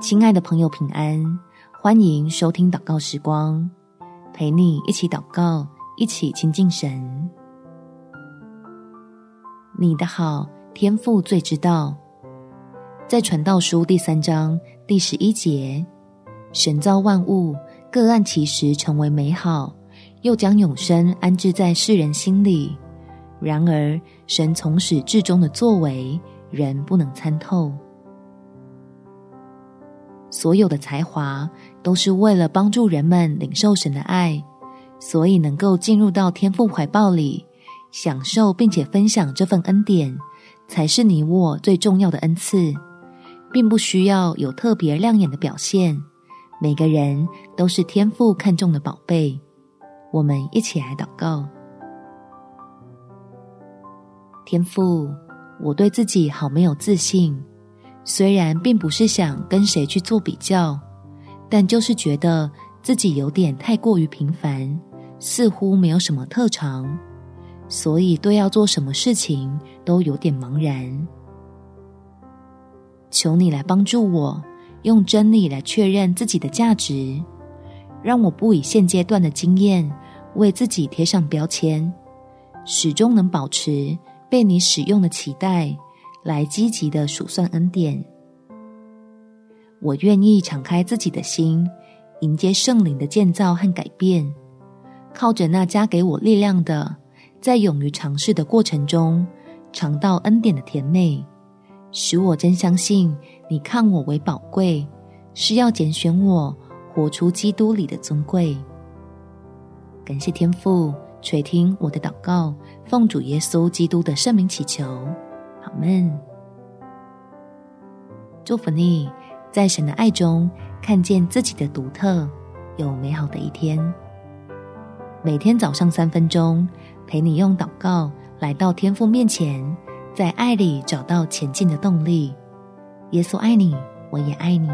親愛的朋友，平安！歡迎收聽禱告時光，陪你一起禱告，一起親近神。你的好，天父最知道。在傳道書第三章第十一節，神造萬物，各按其時成為美好，又將永生安置在世人心裡。然而，神從始至終的作為，人不能參透。所有的才華都是為了幫助人們領受神的愛，所以能夠進入到天父懷抱裡，享受並且分享這份恩典，才是你我最重要的恩賜，並不需要有特別亮眼的表現。每個人都是天父看重的寶貝。我們一起來禱告：天父，我對自己好沒有自信。雖然並不是想跟誰去做比較，但就是覺得自己有點太過於平凡，似乎沒有什麼特長，所以對要做什麼事情都有點茫然。求你來幫助我，用真理來確認自己的價值，讓我不以現階段的經驗為自己貼上標籤，始終能保持被你使用的期待。來積極的數算恩典。我願意敞開自己的心，迎接聖靈的建造和改變。靠着那加給我力量的，在勇於嘗試的過程中，嚐到恩典的甜美，使我真相信你看我為寶貴，是要揀選我，活出基督裡的尊貴。感謝天父垂聽我的禱告，奉主耶穌基督的聖名祈求。阿們。祝福你，在神的愛中看見自己的獨特，有美好的一天。每天早上三分鐘，陪你用禱告來到天父面前，在愛裡找到前進的動力。耶穌愛你，我也愛你。